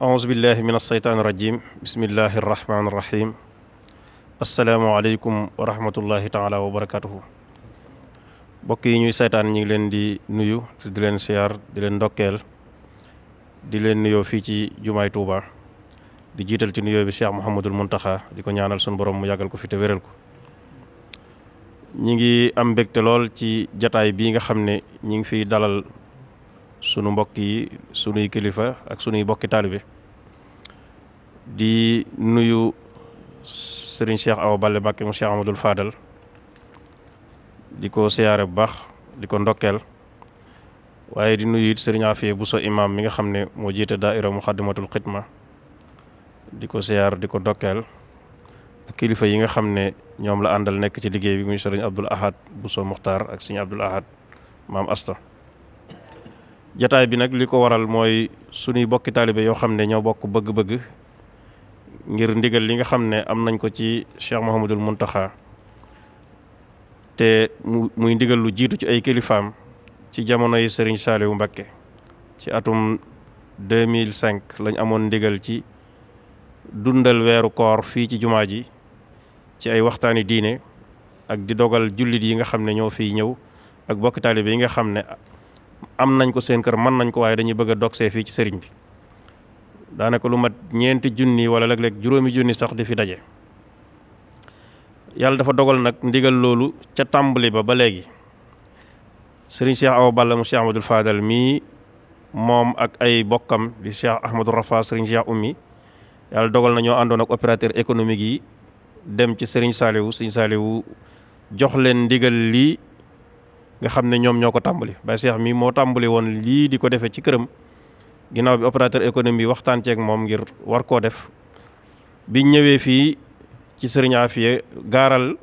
aouzu billahi min alsheytaan irajim bismillahi arrahman irrahim asalaamualeykum wa rahmatullahi taala wa barakatuhu mbokk yi ñuy saytaan ñu ngi leen di nuyu te di leen siyaar di leen ndokkeel di leen nuyoo fii ci jumaay Tuuba di jiital ci nuyoo bi Cheikh Mouhamadul Muntaxa di ko ñaanal sun borom mu yàggal ko fi te wéral ko ñi ngi am mbégte lool ci jataay bii nga xam ne ñi ngi fiy dalal sunu mbokk yi sunuy kilifa ak sunuy bokki taalibe di nuyu sëriñ Cheikh Awa Balla Mbacké mu Cheikh Amadou Fadal di ko siyaare bu baax di ko ndokkeel waaye di nuyu it sëriñ Afiye Bousso imam mi nga xam ne moo jiite daaira Muxaddamatul Xidma di ko siyaar di ko ndokkeel ak kilifa yi nga xam ne ñoom la àndal nekk ci liggéey bi mu sëriñ Abdoul Ahad Bousso Muxtaar ak sëriñ Abdoul Ahad maam Asta jataay bi nag li ko waral mooy suñuy bokki taalibe yoo xam ne ñoo bokk bëgg-bëgg ngir ndigal li nga xam ne am nañ ko ci Cheikh Mouhamadul Mountakha te muy ndigal lu jiitu ci ay kilifaam ci jamono yi Serigne Saliou Mbacké ci atum 2005 lañ amoon ndigal ci dundal weeru koor fii ci jumaa ji ci ay waxtaani diine ak di dogal jullit yi nga xam ne ñoo fiy ñëw ak bokki taalibe yi nga xam ne am nañ ko seen kër mën nañ ko waaye dañuy bëgg a dogsee fii ci sëriñ bi daanaka lu mat ñeenti junni wala léeg-léeg juróomi junni sax di fi daje yàlla dafa dogal nag ndigal loolu ca tàmbali ba ba léegi sëriñ Cheikh Awa Balla mu Cheikh Ahmadul Fadal mii moom ak ay bokkam di Cheikh Ahmadou Rafa sëriñ Cheikh Oumy yàlla dogal na ñoo àndoon ak opérateur économique yi dem ci sëriñ Saliou sëriñ Saliou jox leen ndigal lii nga xam ne ñoom ñoo ko tàmbali Baye Cheikh mii moo tàmbali woon lii di ko defe ci këram ginnaaw bi opérateur économie waxtaan ceeg moom ngir war koo def bi ñëwee fii ci sëriñ Afia gaaral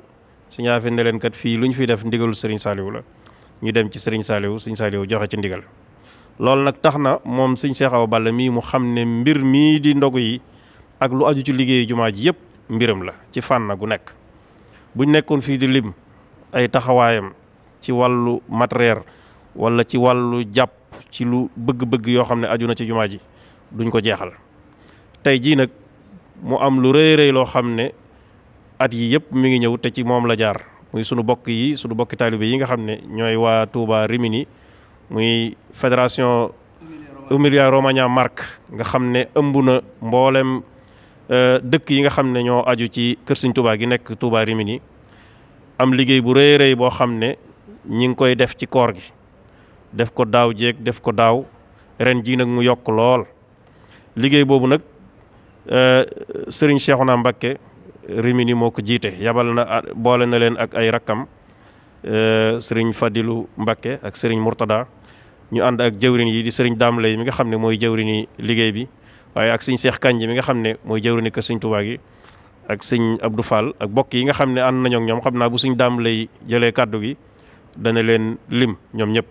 sëriñ Afia ne leen kat fii lu ñu fiy def ndigalul sëriñ Saliou la ñu dem ci sëriñ Saliou sëriñ Saliou joxe ci ndigal loolu nag tax na moom sëriñ Cheikh bala mii mu xam ne mbir mii di ndogu yi ak lu aju ci liggéeyu jumaa ji yëpp mbiram la ci fànn gu nekk buñ nekkoon fii di lim ay taxawaayam ci wàllu matériel wala ci wàllu jàpp ci lu bëgg-bëgg yoo xam ne aju na ci jumaa ji duñ ko jeexal tey jii nag mu am lu rëy rëy loo xam ne at yi yëpp mi ngi ñëw te ci moom la jaar muy sunu bokk yi sunu bokki taalibe yi nga xam ne ñooy waa Touba Rimini muy fédération Emilia Romagna mark nga xam ne ëmb na mboolem euh, dëkk yi nga xam ne ñoo aju ci kër Sëñ Touba gi nekk Touba Rimini am liggéey bu rëy rëy boo xam ne ñu ngi koy def ci koor gi def ko daaw jeeg def ko daaw ren jii nag mu yokk lool liggéey boobu nag sëriñ euh, Serigne Cheikhouna Mbacké Rimini moo ko jiite yabal na boole na leen ak ay rakkam euh, sëriñ fadilu Mbacké ak Serigne Mourtada ñu ànd ak jëwrin yi di sëriñ Dame Lay mi nga xam ne mooy jëwrini liggéey bi waaye ak Serigne seex Kanji mi nga xam ne mooy jëwrini ko Serigne Touba gi ak Serigne Abdou Fall ak bokk yi nga xam ne ànd nañoo ak ñoom xam naa bu Serigne Dame Lay jëlee kàddu gi dana leen lim ñoom ñëpp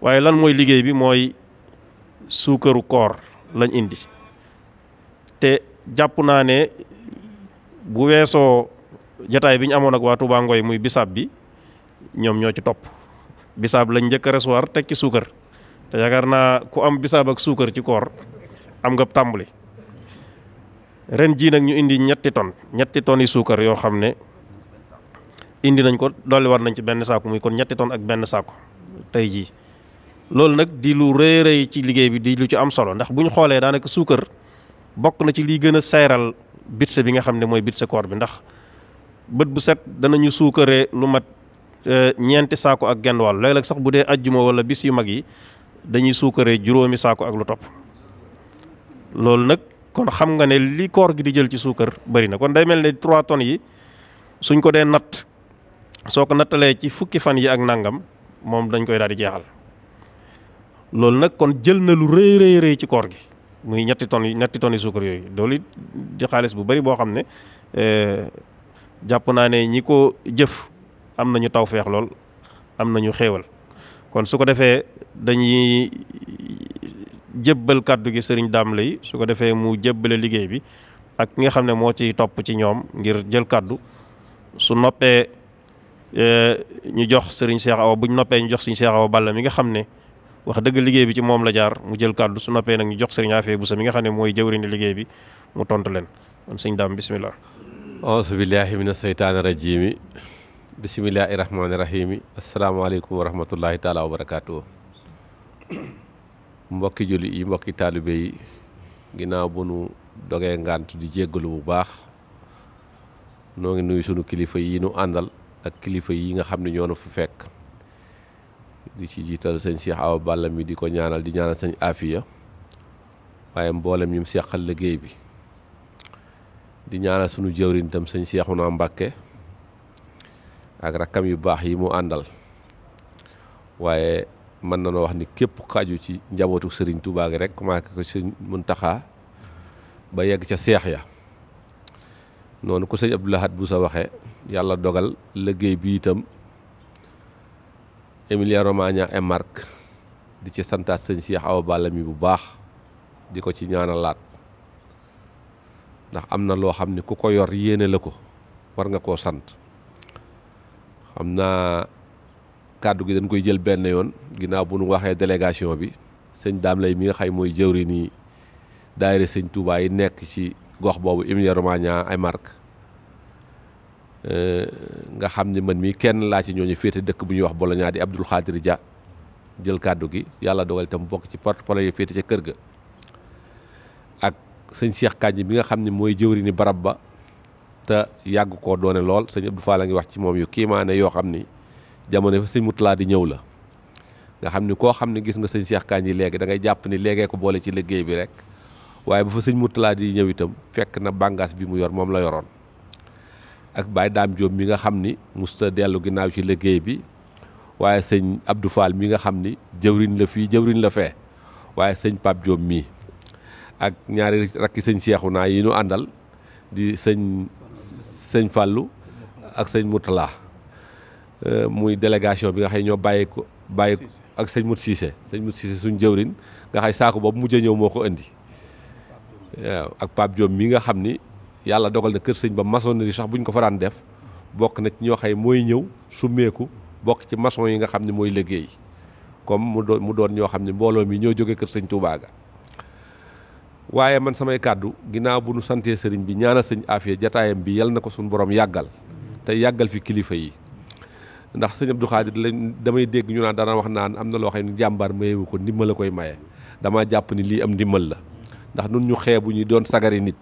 waaye lan mooy liggéey bi mooy suukaru koor lañ indi te jàpp naa ne bu weesoo jataay bi ñu amoon ak waatu Touba Ngoy muy bisaab bi ñoom ñoo ci topp bisaab lañ njëkk a recevoir teg ci suukar te yaakaar naa ku am bisaab ak suukar ci koor am nga tàmbuli ren jii nag ñu indi ñetti ton ñetti ton yi suukar yoo xam ne indi nañ ko dolli war nañ ci benn saako muy kon ñetti tonnes ak benn saako tey jii loolu nag di lu rëy rëy ci liggéey bi di lu ci am solo ndax bu ñu xoolee daanaka suukar bokk na ci lii gën a seeral bitse bi nga xam ne mooy bitse koor bi ndax bët bu set danañu suukaree lu mat euh, ñeenti saako ak genn wàll léeg-léeg sax bu dee ajjuma wala bis yu mag yi dañuy suukaree juróomi saako ak lu topp loolu nag kon xam nga ne li koor gi di jël ci suukar bëri na kon day mel ne 3 yi suñ ko dee natt. soo ko nattalee ci fukki fan yi ak nangam moom dañ koy daal di jeexal loolu nag kon jël na lu rëy rëy ci koor gi muy ñetti ton ñetti ton yi suukar yooyu doolu it di xaalis bu bari boo xam ne eh, jàpp naa ne ñi ko jëf am na ñu taw feex lool am na ñu xéewal kon su ko defee dañuy jébbal kàddu gi sëriñ daam lay su ko defee mu jëbbale liggéey bi ak ki nga xam ne moo ci topp ci ñoom ngir jël kàddu su noppee Eh, ñu jox sëriñ Cheikh Awa buñ noppee ñu jox sëriñ Cheikh Awa Balla mi nga xam ne wax dëgg liggéey bi ci moom la jaar mu jël kàddu su noppee nag ñu jox sëriñ Afee Buso mi nga xam ne mooy jëwriñu liggéey bi mu tontu leen kon bisimilah auzu billahi mina seytaani rajimi bisimillahi rahmaani rahimi asalaamaaleykum wa rahmatullahi taala wa barakaatu mbokki julli yi mbokki taalibe yi ginnaaw bu nu dogee ngant di jéggalu bu baax noo ngi nuyu sunu kilifa yi nu àndal ak kilifa yi nga xam ne ñoo na fu fekk di ci jiital sëñ Cheikh Awa Balla mi di ko ñaanal di ñaanal sëñ Afia waaye mboolem yi mu seqal liggéey bi di ñaanal sunu jëwriñ tam sëñ Cheikhouna Mbacké ak rakkam yu baax yi mu àndal waaye mën nañoo wax ni képp xaju ci njabootu sëriñ Touba rek commencé ko sëñ Muntaxa ba yegg ca seex ya noonu ko sëñ Abdoul bu sa waxee yàlla dogal liggéey bi itam Emilia Romagna et Marche di ci santaat sëñ Cheikh Awa Balla bu baax di ko ci ñaana laat ndax am na loo xam ne ku ko yor yéene la ko war nga koo sant xam naa kàddu gi dañ koy jël benn yoon ginnaaw bu nu waxee délégation bi sëñ daam lay mi nga xay mooy jëwri nii daayira sëñ Touba yi nekk ci gox boobu Emilia Romagna et Marche nga xam ni man mii kenn laa ci ñooñu féete dëkk bu ñuy wax Bologna di Abdoul Khadir Dia jël kàddu gi yàlla dogal itam bokk ci port parole yi féete ca kër ga ak sëñ Cheikh Kandji bi nga xam ne mooy jëwri ni barab ba te yàgg koo doone lool sëñ Abdou Fall a ngi wax ci moom yu kiimaane yoo xam ni jamono fa sëñ Mutulaa di ñëw la nga xam ni koo xam ne gis nga sëñ Cheikh Kandji léegi da ngay jàpp ni léegee ko boole ci liggéey bi rek waaye bu fa sëñ Mutulaa di ñëw itam fekk na bàngaas bi mu yor moom la yoroon ak Baye Dame Diop mi nga xam ni musta dellu ginnaaw ci liggéey bi waaye sëñ Abdou Fall mi nga xam ni jëwriñ la fii jëwriñ la fee waaye sëñ Pape Diop mii ak ñaari rakki sëñ Cheikhouna yi ñu àndal di sëñ sëñ ak sëñ Moutala euh, muy délégation bi nga xam ñoo bàyyi ko bàyyi ak sëñ Mout Cissé sëñ Mout suñ jëwriñ nga xam saako boobu mujj ñëw moo ko indi waaw ak Pape Diop mii nga xam ni. yàlla dogal na kër sëñ ba maçonnerie sax bu ñu ko fa daan def bokk na ci ñoo xay mooy ñëw summeeku bokk ci maçon yi nga xam ne mooy liggéey comme mu doon mu doon ñoo xam ne mbooloo mi ñoo jógee kër sëñ Touba waaye man samay kàddu ginnaaw bu nu santee sëriñ bi ñaanal sëñ Afia jataayam bi yal na ko suñu boroom yàggal te yàggal fi kilifa yi ndax sëñ Abdou Khadir lañ damay dégg ñu naan dana wax naan am na loo xam ne jàmbaar mayewu ko ndimbal la koy maye damaa jàpp ni lii am ndimbal la ndax nun ñu xeebu ñi doon sagari nit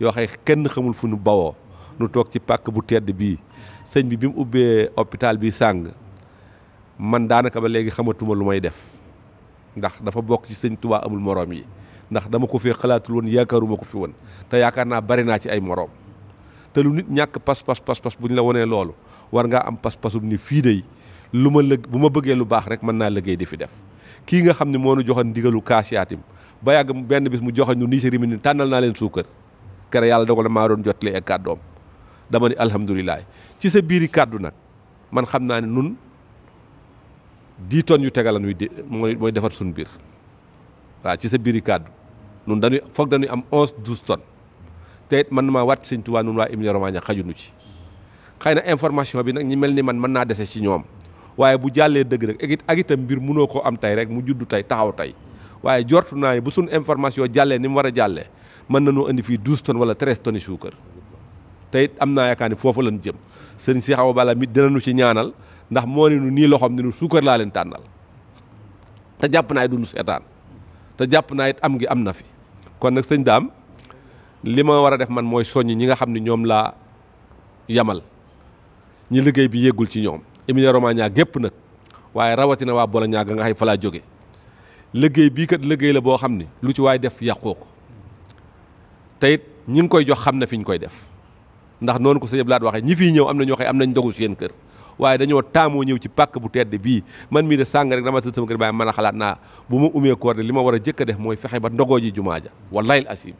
yoo xay kenn xamul fu ñu bawoo nu toog ci pàkk bu tedd bii sëñ bi bi mu ubbee hôpital bi sàng man daanaka ba léegi xamatuma lu may def ndax dafa bokk ci sëñ Tuubaa amul moroom yi ndax dama ko fee xalaatul woon yaakaaruma ko fi woon te yaakaar naa bari naa ci ay moroom te lu nit ñàkk pas pas pas pas bu ñu la wonee loolu war ngaa am pas pasum ni fii day lu ma lëg bu ma bëggee lu baax rek mën naa liggéey di fi def kii nga xam ne moo nu joxoon ndigalu kaasiyaatim ba yàgg benn bis mu joxoon ñu nii si ni tànnal naa leen suukar kere yàlla dogal na maa doon jottali ak kàddoom dama ni alhamdulilah ci sa biiri kàddu nag man xam naa ne nun dix tonnes yu tegalan wi di mooy mooy defar suñu biir waaw ci sa biiri kàddu nun dañuy foog dañuy am onze douze tonnes te it man maa wàtt sëñ Tuubaa nun waa Emilia Romagna xajunu ci xëy na information bi nag ñi mel ni man mën naa dese ci ñoom waaye bu jàllee dëgg rek ak ak itam mbir munoo ko am tey rek mu juddu tey taxaw tey waaye jortu naa bu suñ information jàllee ni mu war a jàllee mën nañoo indi fii ton tonnes wala treize tonnes suukar te it am naa yaakaar ni foofu lañ jëm sëriñ Cheikh bala Balla dina dinañu ci ñaanal ndax moo ni nu nii loxoom ni nu suukar laa leen tànnal te jàpp naa it du nu te jàpp naa it am ngi am na fi kon nag sëñ daam li ma war a def man mooy soññ ñi nga xam ni ñoom laa yamal ñi liggéey bi yéggul ci ñoom Emilia Romagna gépp nag waaye rawatina waa Bologna ga nga xay fa laa jóge liggéey bii kat liggéey la boo xam ni lu ci waay def yàqoo ko te it ñi ngi koy jox xam na fi ñu koy def ndax noonu ko sëñ laat waxee ñi fiy ñëw am na ñoo xam am nañ ndogu seen kër waaye dañoo taamoo ñëw ci pàkk bu tedd bii man mii de sàng rek dama tëdd sama kër baay mën a xalaat naa bu ma umee koor li ma war a jëkk def mooy fexe ba ndogoo ji jumaa ja wa wallahi asib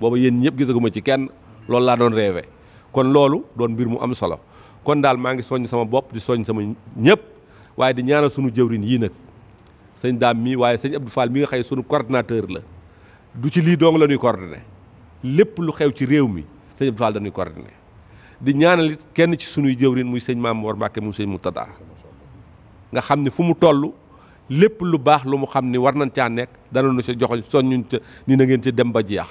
boobu yéen ñëpp gisaguma ci kenn loolu laa doon rêvé kon loolu doon mbir mu am solo kon daal maa ngi soññ sama bopp di soññ sama ñëpp waaye di ñaanal sunu jëwrin yii nag sëñ daam mii waaye sëñ Abdou Fall mi nga sunu coordinateur la du ci lii dong la ñuy coordonné lépp lu xew ci réew mi sëñ Abdou Fall dañuy coordonné di ñaanal kenn ci sunuy jëwrin muy sëñ Maam Mor Mbàkke mu sëñ Murtada nga xam ne fu mu toll lépp lu baax lu mu xam ni war nañ caa nekk dana nu ca joxoñ soññuñ ca ni na ngeen ci dem ba jeex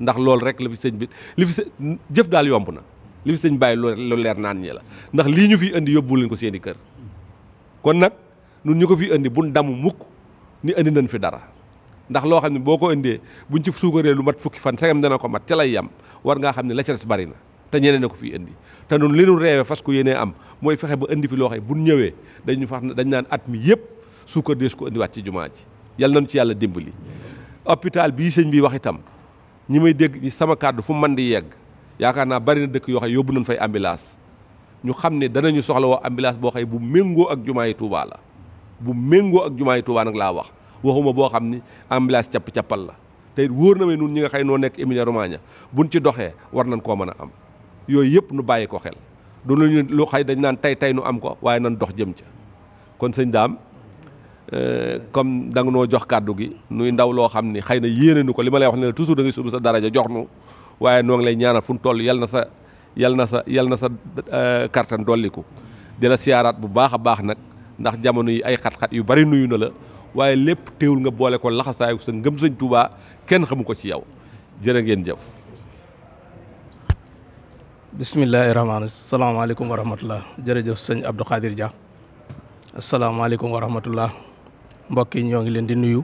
ndax lool rek la fi sëñ bi li fi jëf daal yomb na li fi sëñ bàyyi lu leer naan ñi la ndax lii ñu fi indi yóbbu leen ko seeni kër kon nag nun ñu ko fi indi bu damu mukk ni indi nañ fi dara ndax loo xam ne boo ko indee buñ ci suukaree lu mat fukki fan segam dana ko mat ca lay yam war ngaa xam ne la ca des bari na te ñeneen ne ko fii indi te noonu li nu reewee fas ko yéenee am mooy fexe ba indi fi loo xam ne ñëwee dañu fax dañ naan at mi yëpp suukar dees ko indiwaat ci jumaa ji yàlla nañ ci yàlla li hôpital bii sëñ bi wax itam ñi may dégg ñi sama kàddu fu man di yegg yaakaar naa bari na dëkk yoo xam yóbbu nañ fay ambulance ñu xam ne danañu soxla woo ambulance boo xëy bu méngoo ak jumaa Tuubaa la bu méngoo ak jumaa yi nag laa wax waxuma boo xam ni ambulance capp-cappal la te wóor na ma nun ñi nga xay noo nekk Emilia Romagna buñ ci doxee war nañ koo mën a am yooyu yëpp nu bàyyi ko xel du luñu lu xëy dañ naan tey tey nu am ko waaye nan dox jëm ca kon sëñ daam euh, comme da noo jox kàddu gi nuy ndaw loo xam ni xëy na yéene nu ko li ma lay wax ne la toujours da ngay sa daraja jox nu waaye noo lay ñaana fu nu toll yal na sa yal na sa yal na sa euh, kartan dolliku di la siyaaraat bu baax a baax nag ndax jamono yi ay xat-xat yu bari nuyu na la waaye lépp téwul nga boole ko laxasaayu sa ngëm sëñ Tuubaa kenn xamu ko ci yow jërë ngeen jëf. bismillaahi rahmaani salaamaaleykum wa rahmatulah jërëjëf sëñ Abdou Khadir Dia asalaamaaleykum wa rahmatulah mbokk yi ñoo ngi leen di nuyu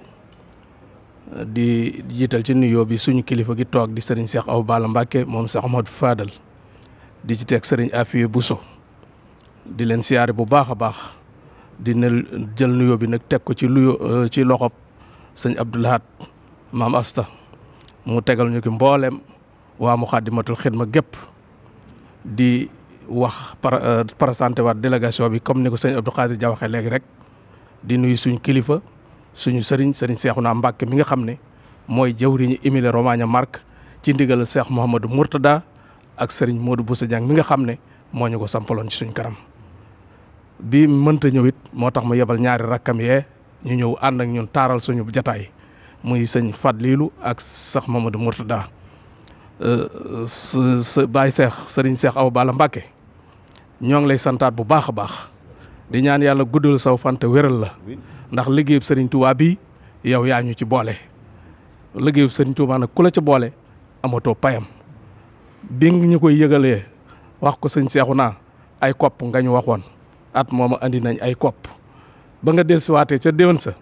di jiital ci nuyoo bi suñu kilifa gi toog di sëriñ Cheikh aw Balla Mbacke moom Cheikh Ahmadou Fadal di ci teg sëriñ Afia Bousso di leen siyaare bu baax a baax. di ne jël nuyoo bi nag teg ko ci luyo euh, ci loxob sëñ Abdou Lahad maam asta mu tegal ñu ki mbooleem waa Muxaddamatul Xidma gépp di wax par euh, présenté waat délégation bi comme ni ko sëñ Abdou Khadir Dia waxee léegi rek di nuyu suñ kilifa suñu sëriñ sëriñ naa Mbàkke mi nga xam ne mooy jëwriñu Emilia Romagna Marche ci ndigal Cheikh Mouhamadou Mourtada ak sëriñ Modou Boussa Dieng mi nga xam ne moo ko sampaloon ci suñ kanam bi mënta ñëw it moo tax mu yebal ñaari rakkam yee ñu ñëw ànd ak ñun taaral suñu jataay muy sëñ liilu ak sax Mamadou Mourtada euh, sa baay Seex sëriñ Seex Awa Balla Mbàkke ñoo ngi lay santaat bu baax a baax di ñaan yàlla guddal saw fante wéral la ndax liggéeyub sëriñ Touba bi yow yaa ñu ci boole liggéeyub sëriñ Touba nag ku la ci boole amatoo payam bi ñu koy yëgalee wax ko sëñ Seexu naa ay kopp nga ñu waxoon at mooma andi nañ ay kopp ba nga dellusiwaatee ca déwén sa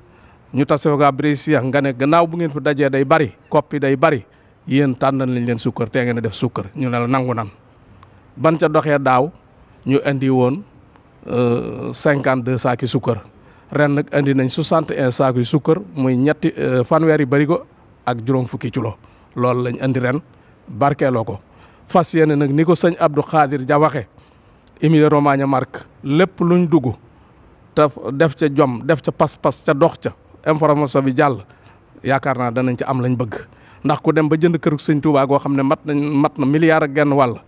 ñu tasoo gaa Brescia nga ne gannaaw bu ngeen fa dajee day bari kopp yi day bari yéen tànnal nañ leen sukkar te ngeen a def sukkar ñu ne la nangu nan ban ca doxee daaw ñu indi woon euh, cinquante deux saaki sukkar ren nag indi nañ soixante et un saako yu sukkar muy ñetti euh, fanweer yi bëri ko ak juróom fukki kilo loolu lañ indi ren barkeeloo ko fas yéene nag ni ko sëñ Abdou Khadir ja waxe Emilia Romagna mark lépp luñ dugg te def ca jom def ca pas-pas ca dox ca information bi jàll yaakaar naa danañ ca am lañ bëgg ndax ku dem ba jënd kër sëñ Touba goo xam ne mat nañ mat na milliard a genn wàll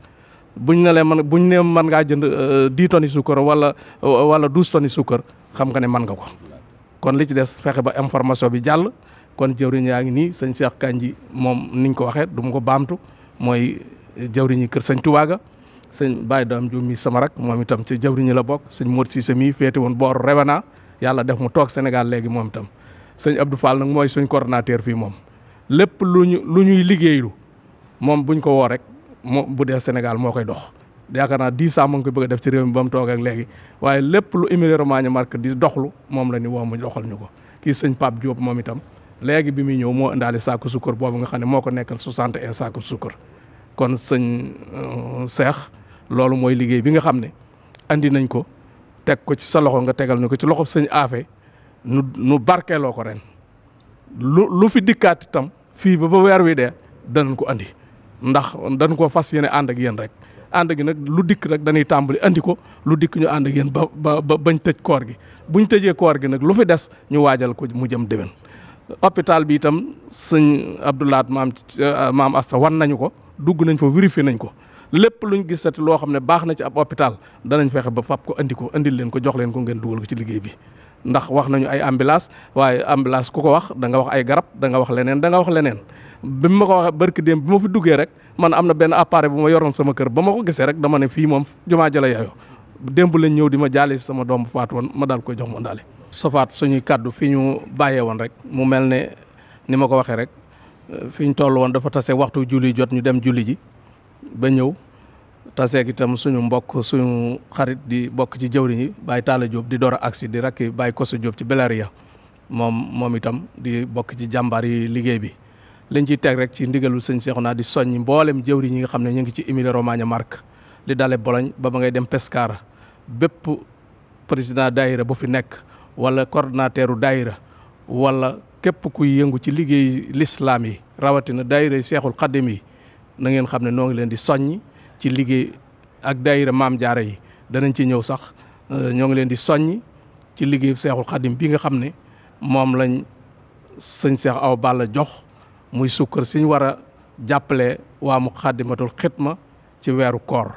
buñ ne lee man buñ ne mën ngaa jënd euh, dix tonnes suukar wala wala douze tonnes suukar xam nga ne mën nga ko kon li ci des fexe ba information bi jàll kon jëwriñ yaa ngi nii sëñ Cheikh Kandji moom niñ ko waxee du ko baamtu mooy jëwriñi kër sëñ Touba sëñ Baye Dame Diouf mi sama rak moom itam ci jawriñi la bokk sëñ Mor Cissé mii féete woon booru Réwana yàlla def mu toog Sénégal léegi moom itam sëñ Abdou Fall nag mooy suñ coordonnateur fii moom lépp lu ñu lu ñuy liggéeylu moom buñ ko woo rek moom bu dee Sénégal moo koy dox yaakaar naa dix ans mu ngi ko bëgg a def ci réew mi ba mu toog ak léegi waaye lépp lu Emilia Romagna marque di doxlu moom la ñu woo mu doxal ñu ko kii sëñ paap Diop moom itam léegi bi muy ñëw moo indaale saaku sukkar boobu nga xam ne moo ko nekkal soixante et un saaku sukkar kon sëñ euh, Cheikh loolu mooy liggéey bi nga xam ne andi nañ ko teg ko ci sa loxo nga tegal na ko ci loxo sëñ aafe nu nu barkeeloo ko ren lu lu fi dikkaati tam fii ba ba weer wi dee danañ ko andi ndax dañ koo fas yéene ànd ak yéen rek ànd gi nag lu dikk rek dañuy tàmbali andi ko lu dikk ñu ànd ak yéen ba ba bañ tëj koor gi buñ tëjee koor gi nag lu fi des ñu waajal ko mu jëm déwén. hôpital bi tam sëñ Abdoulaat maam maam Asta wan nañu ko dugg nañ fa vérifié nañ ko. lépp luñ gisati loo xam ne baax na ci ab hôpital danañ fexe ba fab ko andi ko andil leen ko jox leen ko ngeen dugal ko ci liggéey bi ndax wax nañu ay ambulance waaye ambulance ku ko wax da nga wax ay garab danga wax leneen da nga wax leneen bi ma ko waxee barki démb bi ma fi duggee rek man am na benn appareil bu ma yoroon sama kër ba ma ko gisee rek dama ne fii moom jumaa jala yaayoo ñëw di ma jaale sama doom bu woon ma daal koy jox ma daale. sofaat suñuy kàddu ñu bàyyee woon rek mu mel ne ni ma ko waxee rek fi ñu toll woon dafa tase waxtu julli jot ñu dem julli ji. ba ñëw taseek itam suñu mbokk suñu xarit di bokk ci jëwriñ yi Baye Talla Diop di door a agsi di rakki Baye Koso Diop ci Belaria moom moom itam di bokk ci jàmbaar yi liggéey bi liñ ciy teg rek ci ndigalul sëñ naa di soññ mboolem jëwriñ yi nga xam ne ñu ngi ci Emilia Romagna Marche li dale Bologne ba ba ngay dem Pescara bépp président daayira bu fi nekk wala coordonnateuru daayira wala képp kuy yëngu ci liggéey lislaam yi rawatina daayira Seexul Xadim yi na ngeen xam ne noo ngi leen di soññ ci liggéey ak daayira maam jaara yi danañ ci ñëw sax euh, ñoo ngi leen di soññ ci liggéey seexul xadim bi nga xam ne moom lañ sëñ seex aw balla jox muy sukkar siñ war a jàppale waa mu xadimatul ma ci weeru koor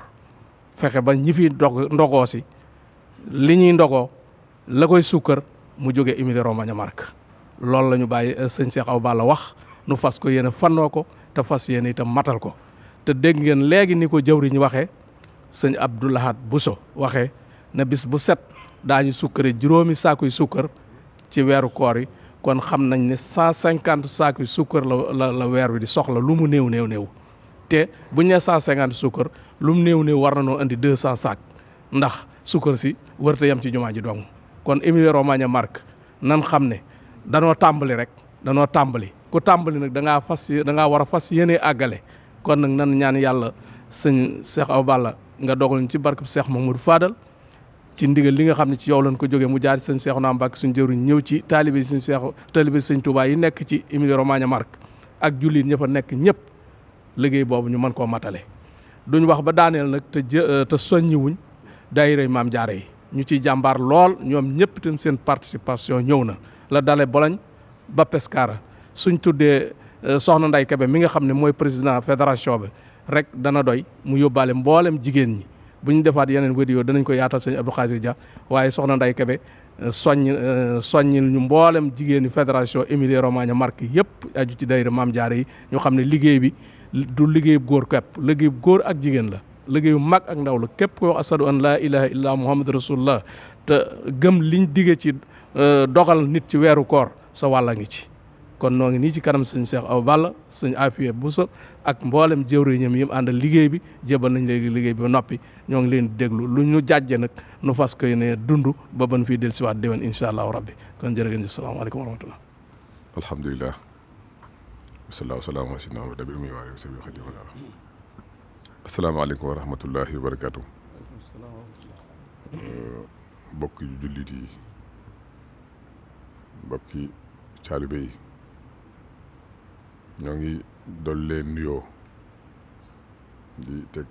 fexe ba ñi fi dog ndogoo si li ñuy ndogoo la koy sukkar mu jóge Émilie Romagna Marche loolu la ñu bàyyi euh, sëñ seex aw balla wax nu fas ko yéen a fannoo ko te fas yéen itam matal ko te dégg ngeen léegi ni ko jëwriñ waxee sëñ Abdou bu so waxee na bis bu set daañu sukkari juróomi saakuy sukkar ci weeru koor kon xam nañ ne cent cinquante saakuy sukkar la la la weer wi di soxla lu mu néew néew néew te bu ñu nee cent cinquante sukkar lu mu néew néew war na noo indi deux cent saak ndax sukkar si wërta yam ci jumaa ji dong kon Emilia Romagna Marche nan xam ne danoo tàmbali rek danoo tàmbali ko tàmbali nag da ngaa fas da ngaa war a fas yéene àggale kon nag nan ñaan yàlla sëñ Cheikh Awa Balla nga dogal ñu ci barkeb Cheikh du faadal ci ndigal li nga xam ne ci yow lañ ko jógee mu jaar ci sëñ Cheikhouna Mbacké suñ jëruñ ñëw ci taalibe sëñ Cheikh taalibe yi nekk ci Emilia Romagna mark ak jullit ña fa nekk ñëpp liggéey boobu ñu mën koo matale duñ wax ba daaneel nag te jë euh, te soññiwuñ daayira maam jaare yi ñu ci jàmbaar lool ñoom ñëpp itam seen participation ñëw na la dale Bologne ba suñ tuddee euh, soxna Nday Kebe mi nga xam ne mooy président fédération bi rek dana doy mu yóbbaale mboolem jigéen ñi bu ñu defaat yeneen vidéo danañ ko yaatal sëñ Abdou Khadir Dia waaye soxna Nday Kebe euh, soññ euh, soññil ñu mboolem jigéenu fédération Émilie Romagna marque yëpp aju ci daayira Maam Jaara yi ñu xam ne liggéey bi du liggéey góor képp liggéey góor ak jigéen la liggéey bu mag ak ndaw la képp ko wax asadu an laa ilaha illa muhammad rasulullah te gëm liñ dige ci dogal nit ci weeru koor sa ngi ci kon noo ngi nii ci kanam suñ aw Awa Balla suñ bu Bousso ak mboolem jëwriñam yi mu àndal liggéey bi jébal nañ léegi liggéey bi noppi ñoo ngi leen déglu lu ñu jàjje nag nu fas koy ne dund ba ban fii del siwaat déwén incha allahu rabbi kon jërë ngeen jëf salaamaaleykum wa rahmatullah alhamdulilah wasalaa salaam wa sidna Muhammad umi wa sabi xadi wa asalaamaaleykum wa rahmatullahi wa barakatu bokk jullit yi bokki taalibe yi ñoo ngi dool leen nuyoo di teg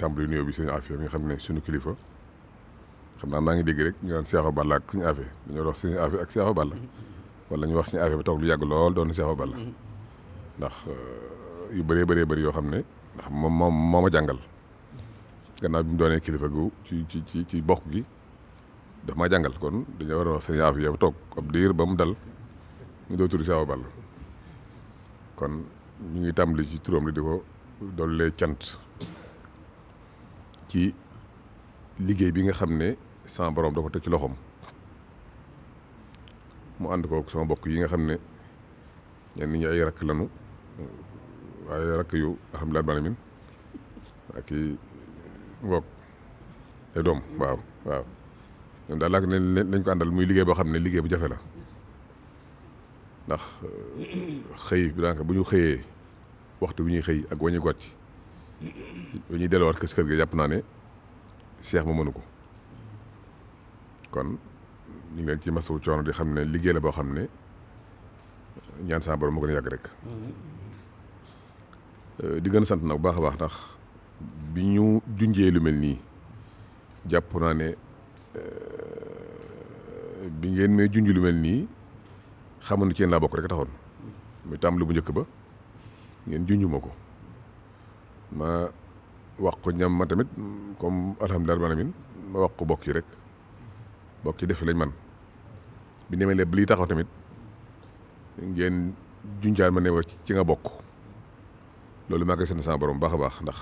tàmbali nuyoo bi suñu affaire mi xam ne suñu kilifa xam naa maa ngi dégg rek ñu naan Balla ak suñu affaire dañoo Balla wala ñu wax suñu affaire ba toog lu yàgg lool doon Seexu Balla mm-hmm. ndax euh, yu bëree bëree bëri yoo xam ne ndax moom moom jàngal gannaaw bi mu kilifa gu ci ci ci ci bokk gi daf jàngal kon dañoo war a wax suñu affaire ba toog ab diir ba mu dal ñu doo tudd Seexu Balla kon ñu ngi tàmbali ci turam di ko dollee cant ci liggéey bi nga xam ne sama borom dafa teg ci loxoom mu ànd kook sama bokk yi nga xam ne ñenn ñi ay rakk lanu waaye rakk yu alhamdulilah rabbil alamin ak i ngoog te doom waaw waaw ñoom daal laaj nañ ko àndal muy liggéey boo xam ne liggéey bu jafe la. ndax euh, xëy daanaka bu ñu xëyee waxtu bi ñuy xëy ak wañu got ci bu ñuy delluwaat kës kër gi jàpp naa ne seex ma mënu ko kon ñu ngi leen ci masawu coono di xam ne liggéey la boo xam ne ñaan sama borom moo gën a yàgg rek. Euh, di sant na bu baax a baax ndax bi ñu junjee lu mel nii jàpp naa ne euh, bi ngeen may junj lu mel nii. xamuñu ci yéen laa bokk rek taxoon muy tàmbali bu njëkk ba ngeen junj ko ma wax ko ñam ma tamit comme alhamdulilah rabbil alamin ma wax ko bokk yi rek bokk yi def lañ man bi ñu demee lépp lii taxaw tamit ngeen junjaan ma ne wa ci nga bokk loolu maa ngi sant sama borom baax a baax ndax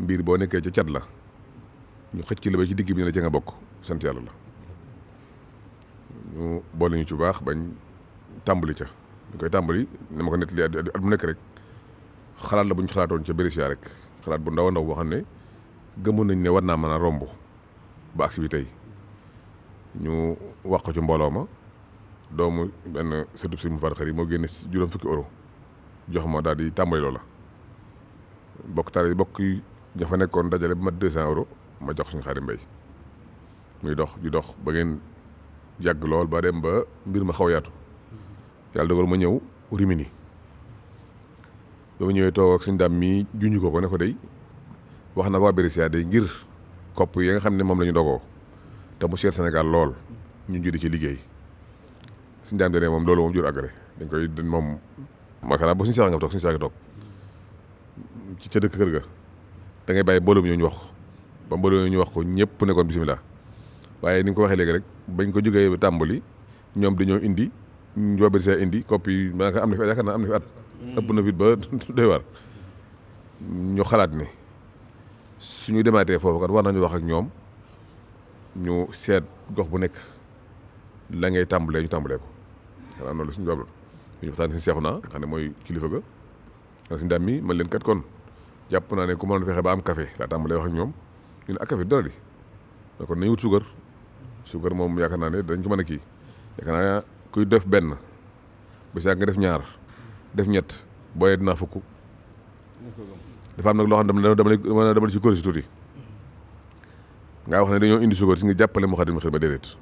mbir boo nekkee ca cat la ñu xëcc la ba ci digg bi ne la ci bokk sant yàlla la. ñu boole ñu ci baax bañ tàmbali ca ñu koy tàmbali na ma ko nettali at bu nekk rek xalaat la bu ñu xalaatoon ca Bérésia rek xalaat bu ndaw a ndaw boo xam ne gëmoon nañ ne war naa mën a romb ba agsi bi tey ñu wax ko ci mbooloo ma doomu benn sëtub si mu far xar yi moo génne juróom fukki euro jox ma daal di tàmbali loola bokk taal yi bokk yi dafa nekkoon dajale ba ma deux cent ma jox suñu xaari mbay muy dox di dox ba ngeen yàgg lool ba dem ba mbir ma xaw yaatu yàlla dogal ma ñëw Rimini ba ma ñëwee toog suñ suñu daam mii juñu ko ko ne ko day wax na waa Bérésia day ngir kopp yi nga xam ne moom lañu dogoo te mu seet Sénégal lool ñu judi ci liggéey suñu daam moom loolu moom jur agré dañ koy dañ moom maanaam ba suñu seex nga toog suñu seex toog ci ca dëkk kër ga dangay ngay bàyyi mbooloo mi ñu wax ba mbooloo mi ñu wax ko ñëpp nekkoon bisimilah waaye ni nga ko waxee léegi rek bañ ko jógee tàmbali ñoom dañoo indi waa Berisa indi copie maanaam am na fi na fi at. Mm. ëpp na fit ba doy waar. ñu xalaat ne suñu demaatee foofu kat war nañu wax ak ñoom ñu seet gox bu nekk la ngay tàmbalee ñu tàmbalee ko xanaa noonu la suñu jobloon ñu waxtaan si mooy kilifa ga xanaa si ndam leen kat kon jàpp naa ne ku mënoon fexe ba am kafe laa tàmbalee wax ak ñoom ñu ne ak café dara di kon nañu wut suukar suukar moom yaakaar ne dañ ko mën a ki yaakaar naa kuy def benn bés nga def ñaar def ñett booyee dinaa fukk dafa am nag loo xam ne dama dama dama ci kër si tuuti ngaa wax ne dañoo indi suukar si nga jàppale Moukhaddamatoul Khidma déedéet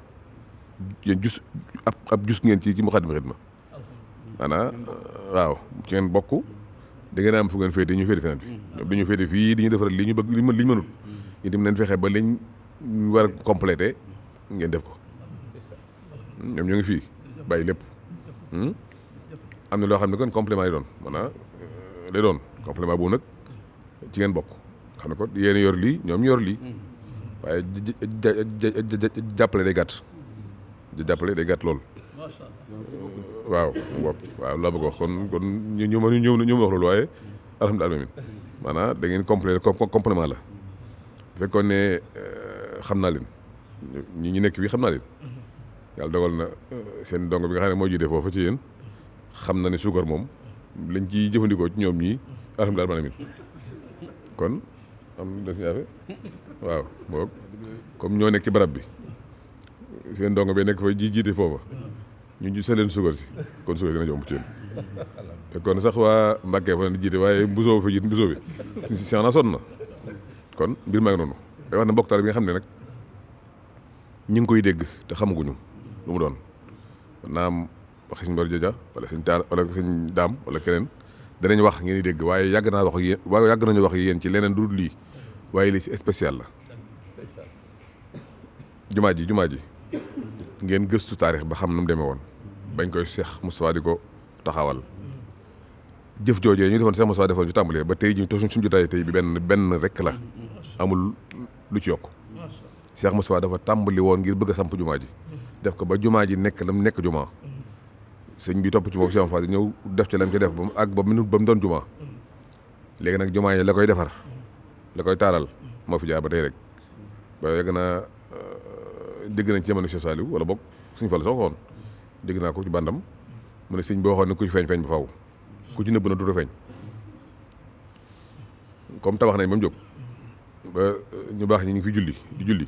yéen jus ab ab jus ngeen ci ci Moukhaddamatoul Khidma maanaam waaw ci ngeen bokk di ngeen am fu ngeen féete ñu féete feneen bi ñoom dañu fii dañu ñu defaral li ñu bëgg li ma mënut itam nañ fexe ba liñ war a complété ngeen def ko ñoom ñoo ngi fii bàyyi lépp hmm? na loo xam ne kon complément doon maanaam lay euh, doon complément nag ci ngeen bokk xam ne ko yéen yor lii ñoom yor lii hmm. waaye jàppale day gàtt jàppale day gàtt lool waaw bopp waaw ñëw ñu wax loolu waaye alhamdulilah maanaam da ngeen complément complément la bu fekkoon ne euh, xam naa leen ñi ñi nekk fii xam naa leen yàlla dogal na seen dong bi nga xam ne moo jiite foofu ci yéen xam na ne suukar moom lañ ciy jëfandikoo ci ñoom ñii alhamdulilah rabbil alamin kon ñoo nekk ci barab bi seen dong bi nekk fa ji jiite foofa ñu ñu seen leen suukar si kon suukar dina jomb ci kon sax waa Mbàkke fa leen di jiite waaye mbusoo fa jiit mbusoo bi si si naa na kon mbir maa ngi noonu day wax na mbokk taal bi nga xam ne rek ñu ngi koy dégg te xamaguñu lu mu doon mën naa am waxi suñ Mbar Joja wala suñ taal wala suñ daam wala keneen danañ wax ngeen dégg waaye yàgg naa wax ak yéen yàgg nañu wax ak yéen ci leneen du dul lii waaye lii ci spécial la jumaa ji jumaa ji ngeen gëstu taarix ba xam nu mu demee woon bañ koy Cheikh Moussa ko taxawal jëf jooju ñu defoon Cheikh Moussa defoon ci tàmbalee ba tey jii toog suñ jotaay tey bi benn benn rek la amul lu ci yokk. Cheikh Moussa dafa tàmbali woon ngir bëgg a samp jumaa ji def ko ba jumaa ji nekk lam nekk jumaa sëñ bi topp ci moom Cheikh Moussa ñëw def ci lam ci def ba mu ak ba mu ba mu doon jumaa léegi nag jumaa yi la koy defar la koy taaral moo fi jaar ba tey rek ba yegg naa euh, dégg nañ ci jamono Cheikh Saliou wala boog suñ fa la soo ko woon dégg naa ko ci bandam mu ne sëñ bi waxoon ne ku ci feeñ feeñ ba faaw ku ci nëbb na du feeñ comme tabax nañ ba mu jóg ba euh, ñu baax ñi ngi fi julli di julli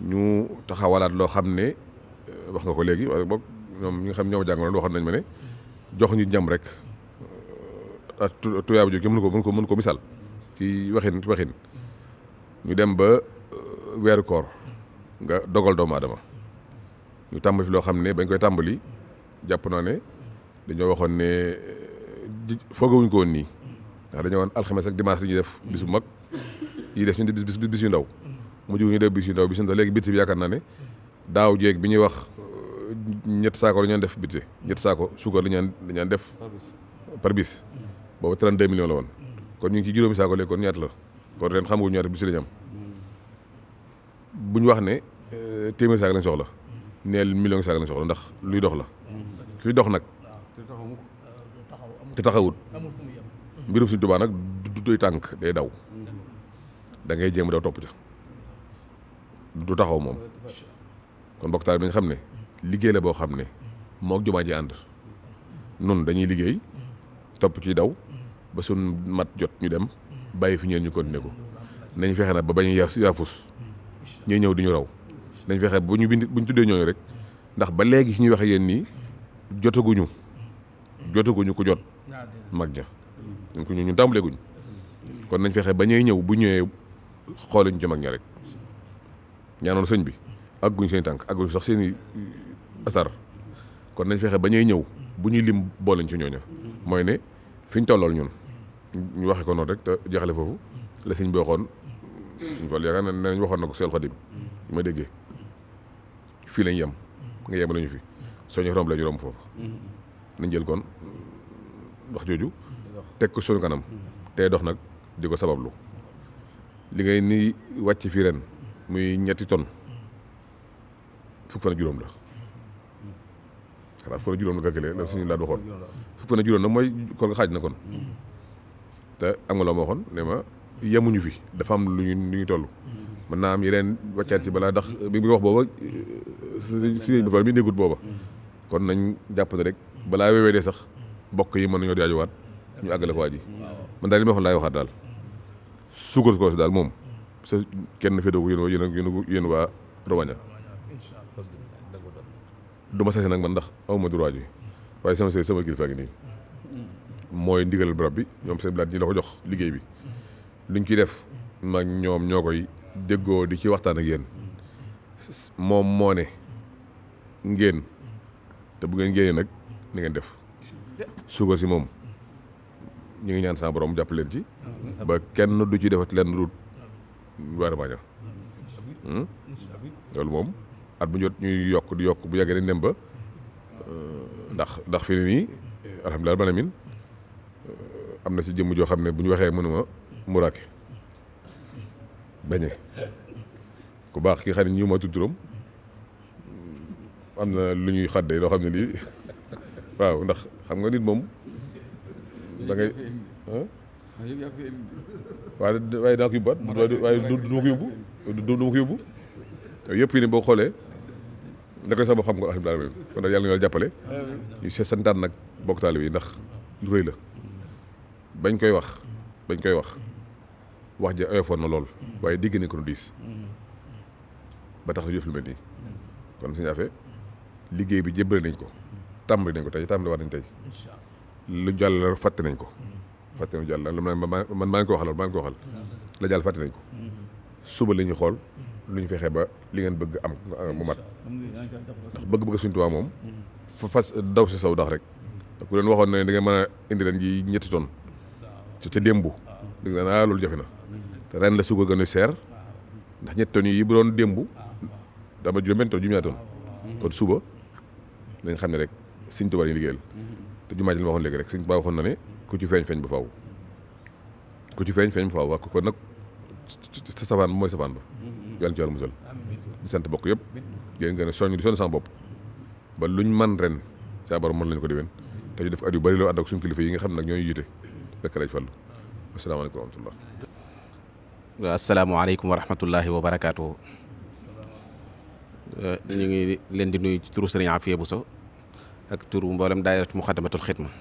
ñu taxawalaat loo xam ne euh, wax nga ko léegi waaye boog ñoom ñi nga xam ñoo jàngoon waxoon nañ ma ne jox ñu jàmm rek euh, ak tuyaaba jooju mën ko mën ko mën ko misaal ci waxin waxin ñu dem ba euh, weeru koor nga dogal doomu adama ñu tàmbali fi loo xam ne bañ koy tàmbali jàpp naa ne dañoo waxoon ne foogawuñ ko woon nii ndax dañoo woon alxames ak dimanche li ñuy def bisu mag yi def ñu bis bis bis yu ndaw mujj ñu def bis yu ndaw bis yu ndaw léegi biti bi yaakaar naa ne daaw jéeg bi ñuy wax euh, ñett saako la ñu def biti ñett saako suukar la ñu daan def. par bis boobu 32 millions la woon. kon ñu ci juróomi saako léegi kon la xam nga ñaata bis la ñu wax ne euh, téeméer saako lañ soxla neel million saako lañ ndax luy dox la. kuy dox nag. te taxawut mbirum suñ tubaa nag du doy tànk day daw da ngay jéem daw topp ca. du taxaw moom kon bokk taal bi nga xam ne liggéey la boo xam ne moo ak jumaa ji ànd nun dañuy liggéey topp ci daw ba suñ mat jot ñu dem bàyyi fi ñeen ñu continuer ko nañ fexe nag ba bañu yaafus ñuy ñëw di raw nañ fexe bu ñu bind bu ñu tuddee ñooñu rek ndax ba léegi si ñuy waxe yéen nii jotaguñu jotaguñu ku jot mag ña ñu ñu ñun kon nañ fexe ba ñuy ñëw bu ñëwee xooluñ ci mag ña rek ñaanoon sëñ bi àgguñ seen tànk àgguñ sax seen i uh, asar kon nañ fexe ba ñuy ñëw bu ñuy lim booleñ ci ñooña mooy ne fi ñu tollool ñun ñu waxe ko noonu rek te jaxale foofu la sëñ bi waxoon suñ ko yaakaar ne nañ waxoon na ko seel xadim ma déggee fii lañ yem nga yem lañu fi soo ñu romb la romb foofu nañ jël kon wax jooju teg ko suñu kanam te dox nag di ko sabablu li ngay ni wàcc fii ren muy ñetti tonnes fukk fan juróom la xanaa fukk fan juróom la calculé la suñu laa waxoon fukk fan juróom la mooy kon nga xaaj na kon te am nga loo ma waxoon ne ma yemuñu fi dafa am lu ñu lu ñu mën naa am yeneen wàccaat ci balaa ndax bi bi wax booba si bafal booba kon nañ jàpp rek balaa weewee dee sax bokk yi mën nañoo daajuwaat ñu àggale ko waa man daal li ma waxoon laay waxaat daal suukar su ko daal moom sa kenn féetewoo ko yéen yéen yéen waa Romaña du ma sase nag man ndax amuma droit ji waaye sama sëriñ sama kilifa gi nii mooy ndigalal barab bi ñoom seen bilaat ñi la jox liggéey bi luñ ciy def mag ñoom ñoo koy déggoo di ci waxtaan a yéen moom moo ne ngeen te bu ngeen génnee nag ni ngeen def suuga si moom ñu ngi ñaan sama borom jàpp leen ci ba kenn du ci defat leen rut Ibrahima Madior hmm? loolu moom at bu jot ñuy yokk di yokk bu yàggee dañ dem ba euh, ndax ndax fi ne nii alhamdulilah rabbil euh, am na ci jëmm joo xam ne bu ñu waxee mënuma muraake bañe ku baax ki xam ne ma tudd am na lu ñuy xàddee loo xam ne lii waaw ndax xam nga nit moom da waaye waaye daa ko yóbbuwaat waaye du du ma ko yóbbu du yëpp yi ne boo xoolee da koy sabab xam ko alhamdulilah kon nag yàlla na yàlla jàppale ñu seet santaan nag bokk taalibe yi ndax lu rëy la bañ koy wax bañ koy wax wax ja oyofoon na lool waaye dégg nañ ko nu diis ba tax na jëf lu mel nii kon suñu affaire liggéey bi jébbale nañ ko tàmbali nañ ko tey tàmbali waat nañ tey lu jàll la fàtte nañ ko fàtte nañu jàll man maa ngi ko waxal maa ngi ko waxal la jàll fàtte nañ ko suba li ñu xool lu ñu fexe ba li ngeen bëgg am mu mat ndax bëgg-bëgg suñu tubaab moom fa fas daw si saw dax rek ku leen waxoon ne da ngeen mën a indi ren ji ñetti tonnes ca ca démb da nga naan ah, loolu jafe na te ren la suga gën a seer ndax ñetti tonnes yi bu doon démb dama juróom-benn tonnes juróom-ñaari tonnes kon suba dañ xam ne rek suñ tubaab yi liggéeyal te jumaa ji li ma waxoon léegi rek suñ tubaab waxoon na ne ku ci feeñ feeñ ba faaw ku ci feeñ feeñ ba faaw waaw kon nag sa savaan mooy savaan ba. Mm-hmm. yàlla mu yàlla musal. di sant bokk yëpp. yéen nga ne soññ bopp ba luñ man ren saa borom mën lañ ko déwén mm-hmm. te ñu def at yu bari loo ànd ak kilifa yi nga xam nag ñooy yite fekk laaj fallu asalaamaaleykum wa rahmatullah. waaw asalaamaaleykum wa rahmatullahi wa barakaatu. ñu ngi leen di nuyu ci turu Serigne Afia Bousso ak turu mboolem daayiratu Muxaddamatul Xidma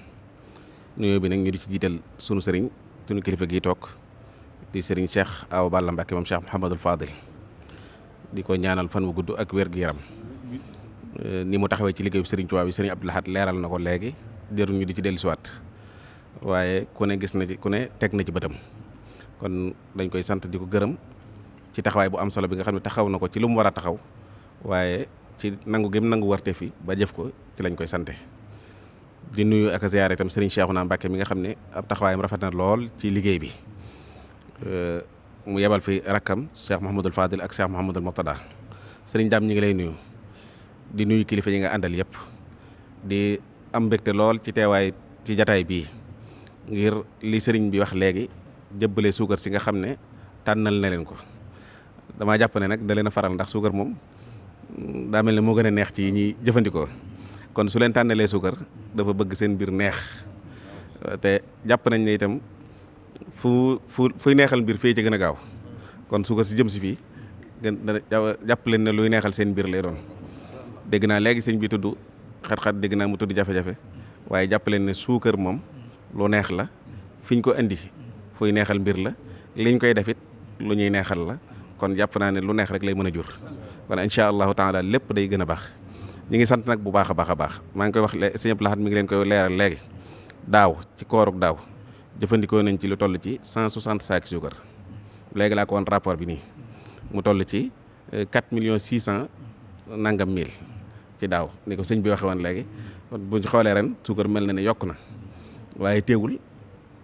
nuyoo bi nag ñu di ci jiital sunu sëriñ sunu kilifa gi toog di sëriñ Cheikh Awa Balla Mbacke moom Cheikh Mouhamadul Fadil di ko ñaanal fan wu gudd ak wér-gu-yaram eh, ni mu taxawee ci liggéeyu sëriñ Tuubaa bi sëriñ Abdou Lahad leeral na ko léegi jarul ñu di ci dellusiwaat waaye ku ne gis na ci ku ne teg na ci bëtam kon dañ koy sant di ko gërëm ci taxawaay bu am solo bi nga xam ne taxaw na ko ci lu mu war a taxaw waaye ci nangu gém nangu warte fi ba jëf ko ci lañ koy sante di nuyu ak ziyaare itam Serigne Cheikhouna Mbacké mi nga xam ne ab taxawaayam rafet na lool ci liggéey bi euh, mu yebal fi rakkam Cheikh Mouhamadul Fadil ak Cheikh Mouhamadul Mourtada Serigne Dame ñu ngi lay nuyu di nuyu kilifa yi nga àndal yëpp di am mbégte lool ci teewaay ci jataay bii ngir li sëriñ bi wax léegi jëbbale suukar si nga xam ne tànnal na leen ko dama jàpp ne nag da leen a faral ndax suukar moom daa mel ne moo gën a neex ci yi ñuy jëfandikoo. kon su leen tànnalee suukar dafa bëgg seen mbir neex te jàpp nañ ne itam fu fu fuy neexal mbir fii ci na gaaw kon suukar si jëm si fii gën jàpp leen ne luy neexal seen mbir lay doon dégg naa léegi sëñ bi tudd xat-xat dégg naa mu tudd jafe-jafe waaye jàpp leen ne suukar moom lu neex la fiñ ko indi fuy neexal mbir la liñ koy defit lu ñuy neexal la kon jàpp naa ne lu neex rek lay mën a jur kon incha allahu taala lépp day gën a baax ñu ngi sant nag bu baax a baax a baax maa ngi koy wax sëñ Abdou Lahad mi ngi leen koy leeral léegi daaw ci kooruk daaw jëfandikoo nañ ci lu toll ci 160 sacs suukar léegi laa ko woon rapport bi nii mu toll ci 4 euh, millions 600 nangam mille ci daaw ni ko sëñ bi waxe woon léegi buñ xoolee ren suukar mel na ne yokk na waaye teewul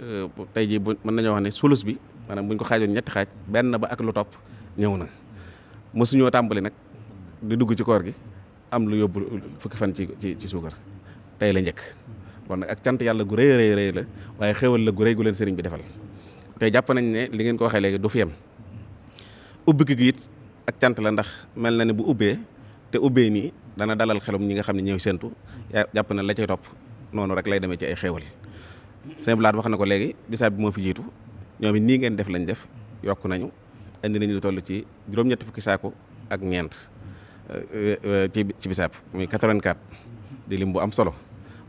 euh, tey jii bu mën nañoo wax ne sulus bi maanaam buñ ko xaajoon ñetti xaaj benn ba ak lu topp ñëw na mosuñoo tàmbali nag di dugg ci koor gi am lu yóbbu fukki fan ci ci ci suukar tey la njëkk kon ak cant yàlla gu la waaye xéwal la gu rëy gu leen sëriñ bi defal tey jàpp nañ ne li ngeen ko waxee léegi du fi yem ubbi gi it ak cant la ndax mel na ne bu ubbee te ubbee nii dana dalal xelum ñi nga xam ne ñëw séntu jàpp na la cay topp noonu rek lay demee ci ay xéwal sëñ Blaat wax na ko léegi bisaab bi moo fi jiitu ñoom nii ngeen def lañ def yokk nañu indi nañu lu toll ci juróom-ñetti fukki saako ak ñeent Euh, euh, ci ci bisaab muy 84 di lim bu am solo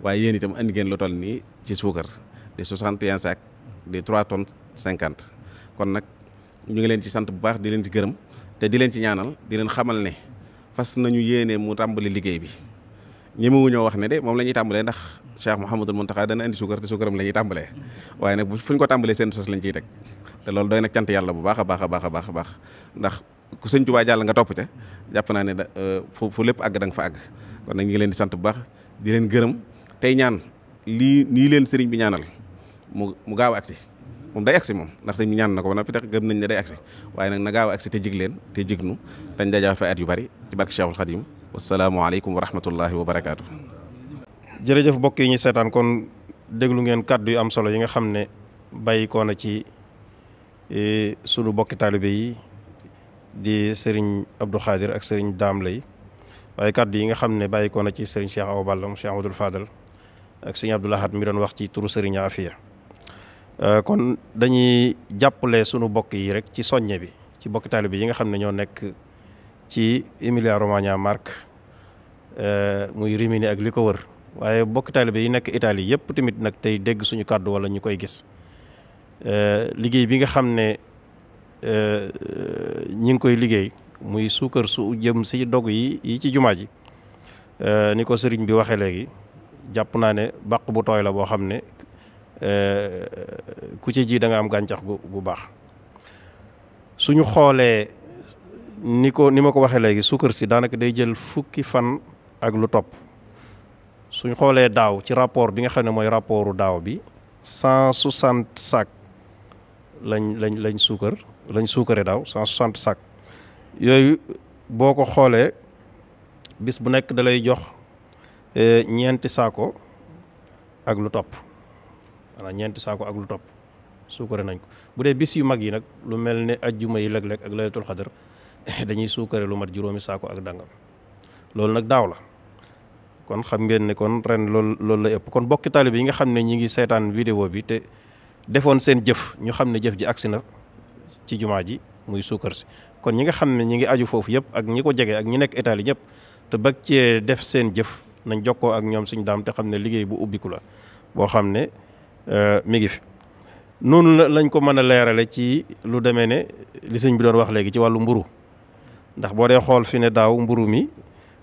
waaye yéen itam andi ngeen lu toll nii ci suukar di 61 sac di 3 tonnes 50 kon nag ñu ngi leen ci sant bu baax di leen ci gërëm te di leen ci ñaanal di leen xamal ne fas nañu yéene mu tàmbali liggéey bi ñemewuñoo wax ne de moom la ñuy tàmbalee ndax Cheikh Mouhamadul Mountakha dana indi suukar te suukaram la ñuy tàmbalee waaye nag fu ñu ko tàmbalee seen sos lañ ciy teg te loolu doy nag yàlla bu baax a baax a baax a baax ndax ku sëñ Tuubaa jàll nga topp ca jàpp naa ne da euh, fu lépp agg da fa àgg kon nag ñu ngi leen di sant bu baax di leen gërëm tey ñaan lii nii leen sëriñ bi ñaanal mu mu gaaw agsi moom day agsi moom ndax sëñ bi ñaan na ko ba noppi tax gëm nañ ne day agsi waaye nag na gaaw agsi te jig leen te jig nu dañ dajaa fa at yu bari ci barke Cheikhul Khadim wasalaamualeykum wa rahmatullahi wa barakaatu. jërëjëf mbokk yi ñu seetaan kon déglu ngeen kàddu yu am solo yi nga xam ne bàyyi na ci eh, sunu bokki taalibe yi di sëriñ Abdou Khadir ak sëriñ Daam lay waaye kàddu yi nga xam ne bàyyi na ci sëriñ Cheikh Awa Balla mu Cheikh Amadou Fadal ak sëriñ Abdou Lahad mi doon wax ci turu sëriñ Afia euh, kon dañuy jàppale sunu bokk yi rek ci soññe bi ci bokki taalibe yi nga xam ne ñoo nekk ci Emilia Romagna Marche euh, muy Rimini ak li ko wër waaye bokki taalibe yi nekk Italie yëpp tamit nag tey dégg suñu kàddu wala ñu koy gis euh, liggéey bi nga xam ne Euh, euh, ñi ngi koy liggéey muy suukar su jëm si dog yi yi ci jumaa ji euh, ni ko sëriñ bi waxee léegi jàpp naa ne bàq bu tooy la boo xam ne ku ci ji da am gàncax gu gu baax suñu xoolee ni ko ni ma ko waxee léegi suukar si daanaka day jël fukki fan ak lu topp suñ xoolee daaw ci rapport bi nga xam ne mooy rapportu daaw bi cent soixante sac lañ lañ lañ suukar lañ suukaree daaw cent soixante sacs yooyu boo ko xoolee bis bu nekk dalay jox eh, ñeenti saako ak lu topp maanaam ñeenti saako ak lu topp suukaree nañ ko bu dee bis yu mag yi nag lu mel ne ajjuma yi léeg lekk ak laylatul xadar dañuy suukaree lu mat juróomi saako ak dangam loolu nag daaw la kon xam ngeen ne kon ren loolu loolu la ëpp kon bokki taalibe yi nga xam ne ñi ngi seetaan vidéo bi te defoon seen jëf ñu xam ne jëf ji agsi na ci jumaa ji muy suukar si kon ñi nga xam ne ñi ngi aju foofu yëpp ak ñi ko jege ak ñi nekk Italie ñëpp te bag cee def seen jëf nañ jokkoo ak ñoom suñ daam te xam ne liggéey bu ubbiku la boo xam ne euh, mi ngi fi noonu lañ ko mën a leerale ci lu demee ne li sëñ bi doon wax léegi ci wàllu mburu ndax boo dee xool fi ne daaw mburu mi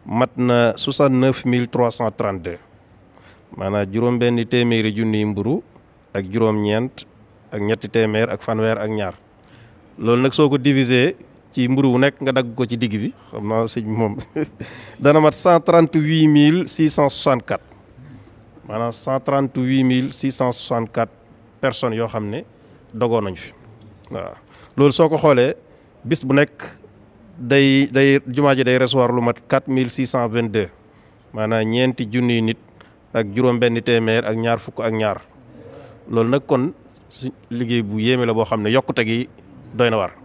mat na 69332 maanaam juróom benn téeméeri junniy mburu ak juróom ñeent ak ñetti téeméer ak fanweer ak ñaar loolu nag soo ko diviser ci mburu wu nekk nga dagg ko ci digg bi xam naa sëñ moom dana mat cent trente huit mille six cent soixante quatre maanaam cent trente huit mille six cent soixante quatre personnes yoo xam ne dogoon nañ fi waaw loolu soo ko xoolee bis bu nekk day day jumaa ji day recevoir lu mat quatre mille six cent vingt deux maanaam ñeenti junniy nit ak juróom-benn téeméer ak ñaar fukk ak ñaar loolu nag kon liggéey bu yéeme la boo xam ne yokkute gi doy na war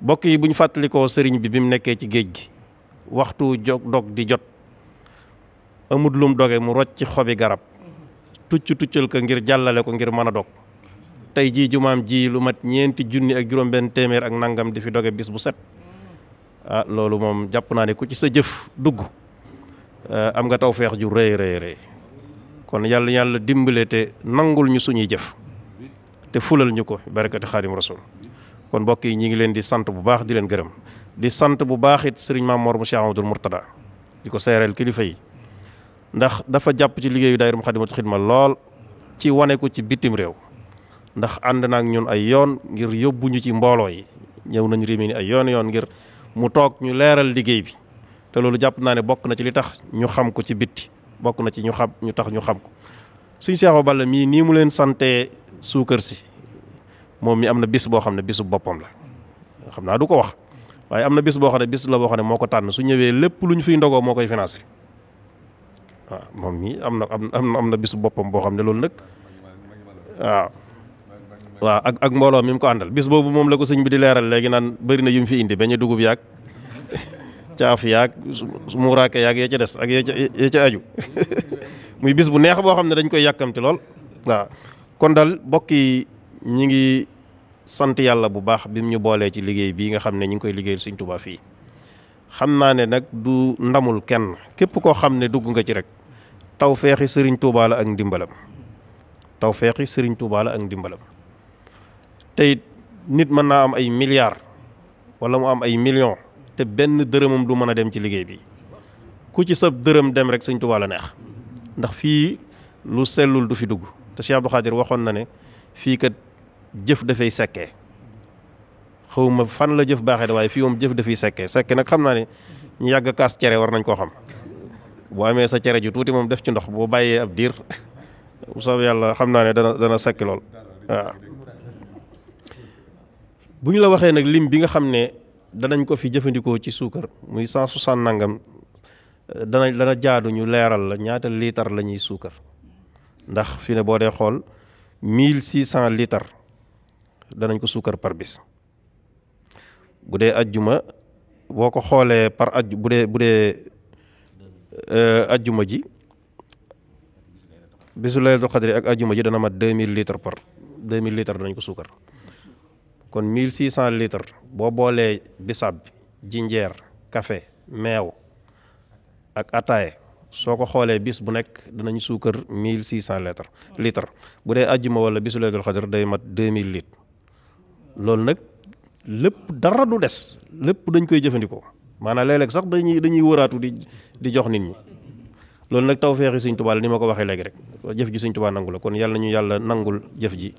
mbokk yi bu ñu fàttalikoo sëriñ bi bi mu nekkee ci géej gi waxtu jog dog di jot amut lum doge mu rocc xobi garab tucc tuccal ko ngir jàllale ko ngir mën a dog tey jii jumaam ji lu mat ñeenti junni ak juróom-benn téeméer ak nangam di fi doge bis bu set ah loolu moom jàpp naa ne ku ci sa jëf dugg ah, am nga tawfeex ju rëy rëy rëy kon yàlla yàlla dimbale te nangul ñu suñuy jëf te fulal ñu ko barakati xaadim rasul kon mbokk yi ñi ngi leen di sant bu baax di leen gërëm di sant bu baax it sëriñ Maam Mor mu Cheikh Amadou Mourtada di ko seereel kilifa yi ndax dafa jàpp ci liggéeyu daayira Moukhaddamatoul Khidma lool ci wane ko ci bitim réew ndax ànd naak ñun ay yoon ngir yóbbu ci mbooloo yi ñëw nañ Rimini ay yoon yoon ngir mu toog ñu leeral liggéey bi te loolu jàpp naa ne bokk na ci li tax ñu xam ko ci bitti bokk na ci ñu xam ñu tax ñu xam ko suñ Seexu Balla mii nii mu leen sante suukar si moom mi am na bis boo xam ne bisu boppam la xam naa du ko wax waaye am na bis boo xam ne bis la boo xam ne moo ko tànn su ñëwee lépp lu ñu fiy ndogoo moo koy financé waaw moom mi am na am na bisu boppam boo xam ne loolu nag waaw. waaw ak ak mbooloo mi mu ko àndal bis boobu moom la ko sëñ bi di leeral léegi naan bëri na yu mu fi indi bañ dugub yaag caaf yaag muuraake yaag ya ca des ak ya ca ya ca aju muy bis bu neex boo xam ne dañ koy yàkkamti lool waaw kon ñi ngi sant yàlla bu baax bi mu ñu boolee ci liggéey bii nga xam ne ñu ngi koy liggéeyal Sëriñ Tuubaa fii xam naa ne nag du ndamul kenn képp koo xam ne dugg nga ci rek taw feexi Sëriñ Tuubaa la ak ndimbalam taw feexi Sëriñ Tuubaa ak ndimbalam tey nit mën naa am ay milliards wala mu am ay millions te benn dërëmam du mën a dem ci liggéey bi ku ci sab dërëm dem rek Sëriñ Tuubaa la neex ndax fii lu sellul du fi dugg te Cheikh Abdou Khadir waxoon na ne fii kat jëf dafay sekke xaw fan la jëf baaxee waaye fii moom jëf dafay sekkee sekk nag xam naa ni ñu yàgg kaas cere war nañ koo xam boo amee sa cere ju tuuti moom def ci ndox boo bàyyee ab diir bu soobee yàlla xam naa ne dana dana sekki lool waaw. bu ñu la waxee nag lim bi nga xam ne danañ ko fi jëfandikoo ci suukar muy cent soixante nangam dana dana jaadu ñu leeral la ñaata liitar la ñuy suukar ndax fi ne boo dee xool mille six cent liitar danañ ko suukar par bis bu dee ajjuma boo ko xoolee par ajju bu dee bu dee euh, ajjuma ji bisu laylatul xadri ak ajjuma ji dana mat deux mille litres par deux mille litres danañ ko suukar kon mille six cent litres boo boolee bisab jinjeer kafe meew ak ataaye soo ko xoolee bis bu nekk danañ suukar mille six cent litres litres bu dee ajjuma wala bisu laylatul xadri day mat deux mille litres loolu nag lépp dara du des lépp dañ koy jëfandikoo maanaa léeg-léeg sax dañuy dañuy wëraatu di di jox nit ñi loolu nag tawfeexi Sëñ Tuubaa la ni ma ko waxee léegi rek jëf ji Sëñ Tuubaa nangu la kon yàlla nañu yàlla nangul jëf ji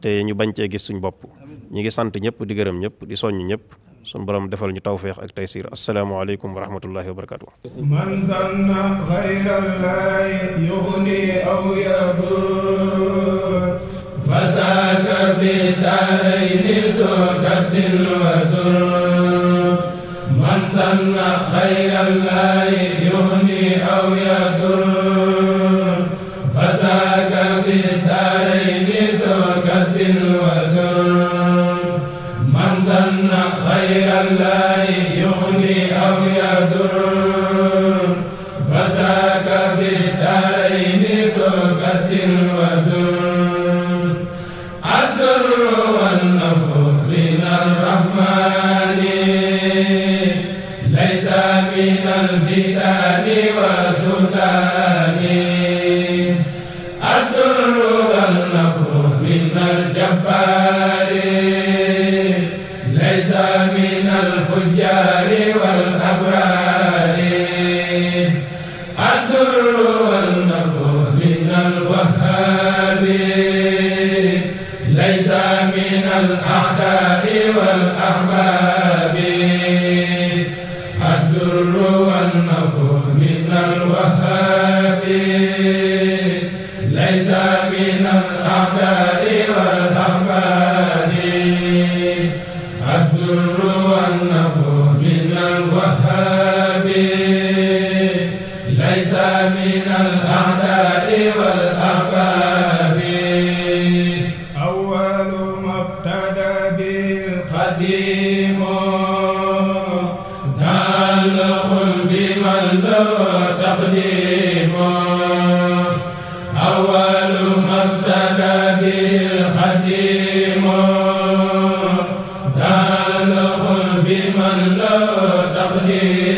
te ñu bañ cee gis suñ bopp ñu ngi sant ñëpp di gërëm ñëpp di soññ ñëpp suñ borom defal ñu tawfeex ak taysiir asalaamaaleykum wa rahmatullahi wa barakaatu man zanna xayra llahi yuxni aw yadur فساك في الدارين سوكة الودر من سن خير الله man la tax di